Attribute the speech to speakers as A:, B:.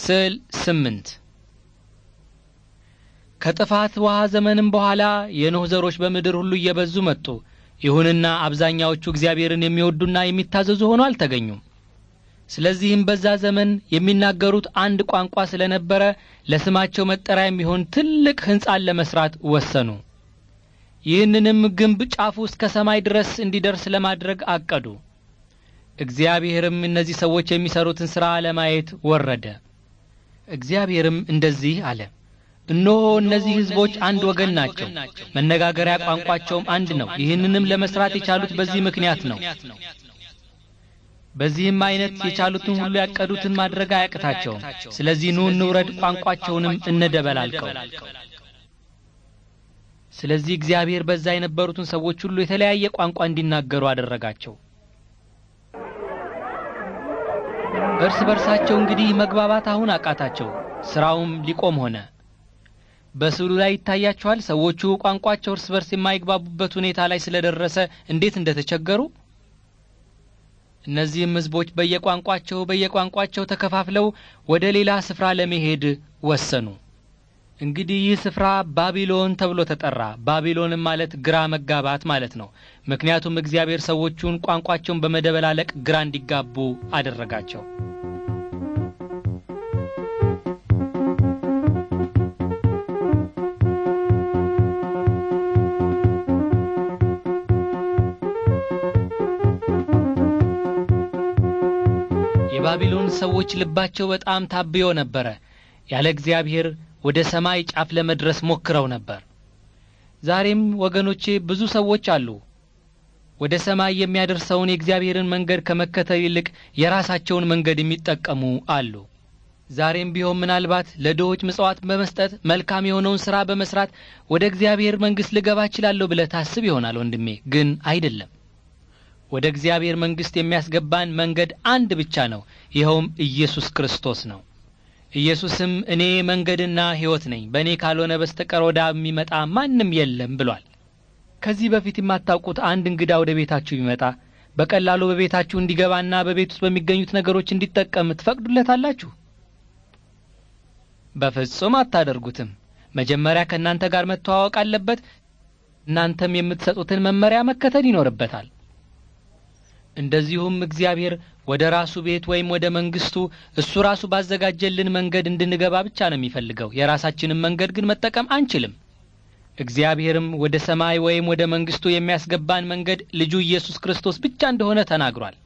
A: ስዕል ስምንት ከጥፋት ውሃ ዘመንም በኋላ የኖህ ዘሮች በምድር ሁሉ እየበዙ መጡ። ይሁንና አብዛኛዎቹ እግዚአብሔርን የሚወዱና የሚታዘዙ ሆኖ አልተገኙም። ስለዚህም በዛ ዘመን የሚናገሩት አንድ ቋንቋ ስለነበረ ለስማቸው መጠሪያ የሚሆን ትልቅ ሕንፃን ለመስራት ወሰኑ። ይህንንም ግንብ ጫፉ እስከ ሰማይ ድረስ እንዲደርስ ለማድረግ አቀዱ። እግዚአብሔርም እነዚህ ሰዎች የሚሰሩትን ሥራ ለማየት ወረደ። እግዚአብሔርም እንደዚህ አለ እነሆ እነዚህ ህዝቦች አንድ ወገን ናቸው፣ መነጋገሪያ ቋንቋቸውም አንድ ነው። ይህንንም ለመስራት የቻሉት በዚህ ምክንያት ነው። በዚህም አይነት የቻሉትን ሁሉ ያቀዱትን ማድረግ አያቅታቸውም። ስለዚህ ኑ እንውረድ፣ ቋንቋቸውንም እንደበላልቀው። ስለዚህ እግዚአብሔር በዛ የነበሩትን ሰዎች ሁሉ የተለያየ ቋንቋ እንዲናገሩ አደረጋቸው። እርስ በርሳቸው እንግዲህ መግባባት አሁን አቃታቸው። ስራውም ሊቆም ሆነ። በስዕሉ ላይ ይታያቸዋል። ሰዎቹ ቋንቋቸው እርስ በርስ የማይግባቡበት ሁኔታ ላይ ስለደረሰ እንዴት እንደተቸገሩ። እነዚህም ህዝቦች በየቋንቋቸው በየቋንቋቸው ተከፋፍለው ወደ ሌላ ስፍራ ለመሄድ ወሰኑ። እንግዲህ ይህ ስፍራ ባቢሎን ተብሎ ተጠራ። ባቢሎንም ማለት ግራ መጋባት ማለት ነው። ምክንያቱም እግዚአብሔር ሰዎቹን ቋንቋቸውን በመደበላለቅ ግራ እንዲጋቡ አደረጋቸው። የባቢሎን ሰዎች ልባቸው በጣም ታብዮ ነበረ። ያለ እግዚአብሔር ወደ ሰማይ ጫፍ ለመድረስ ሞክረው ነበር። ዛሬም ወገኖቼ ብዙ ሰዎች አሉ ወደ ሰማይ የሚያደርሰውን የእግዚአብሔርን መንገድ ከመከተል ይልቅ የራሳቸውን መንገድ የሚጠቀሙ አሉ። ዛሬም ቢሆን ምናልባት ለድሆች ምጽዋት በመስጠት መልካም የሆነውን ሥራ በመስራት ወደ እግዚአብሔር መንግሥት ልገባ እችላለሁ ብለህ ታስብ ይሆናል ወንድሜ፣ ግን አይደለም። ወደ እግዚአብሔር መንግሥት የሚያስገባን መንገድ አንድ ብቻ ነው፣ ይኸውም ኢየሱስ ክርስቶስ ነው። ኢየሱስም እኔ መንገድና ሕይወት ነኝ፣ በእኔ ካልሆነ በስተቀር ወደ አብ የሚመጣ ማንም የለም ብሏል። ከዚህ በፊት የማታውቁት አንድ እንግዳ ወደ ቤታችሁ ቢመጣ በቀላሉ በቤታችሁ እንዲገባና በቤት ውስጥ በሚገኙት ነገሮች እንዲጠቀም ትፈቅዱለታላችሁ? በፍጹም አታደርጉትም። መጀመሪያ ከእናንተ ጋር መተዋወቅ አለበት። እናንተም የምትሰጡትን መመሪያ መከተል ይኖርበታል። እንደዚሁም እግዚአብሔር ወደ ራሱ ቤት ወይም ወደ መንግስቱ እሱ ራሱ ባዘጋጀልን መንገድ እንድንገባ ብቻ ነው የሚፈልገው። የራሳችንን መንገድ ግን መጠቀም አንችልም። እግዚአብሔርም ወደ ሰማይ ወይም ወደ መንግስቱ የሚያስገባን መንገድ ልጁ ኢየሱስ ክርስቶስ ብቻ እንደሆነ ተናግሯል።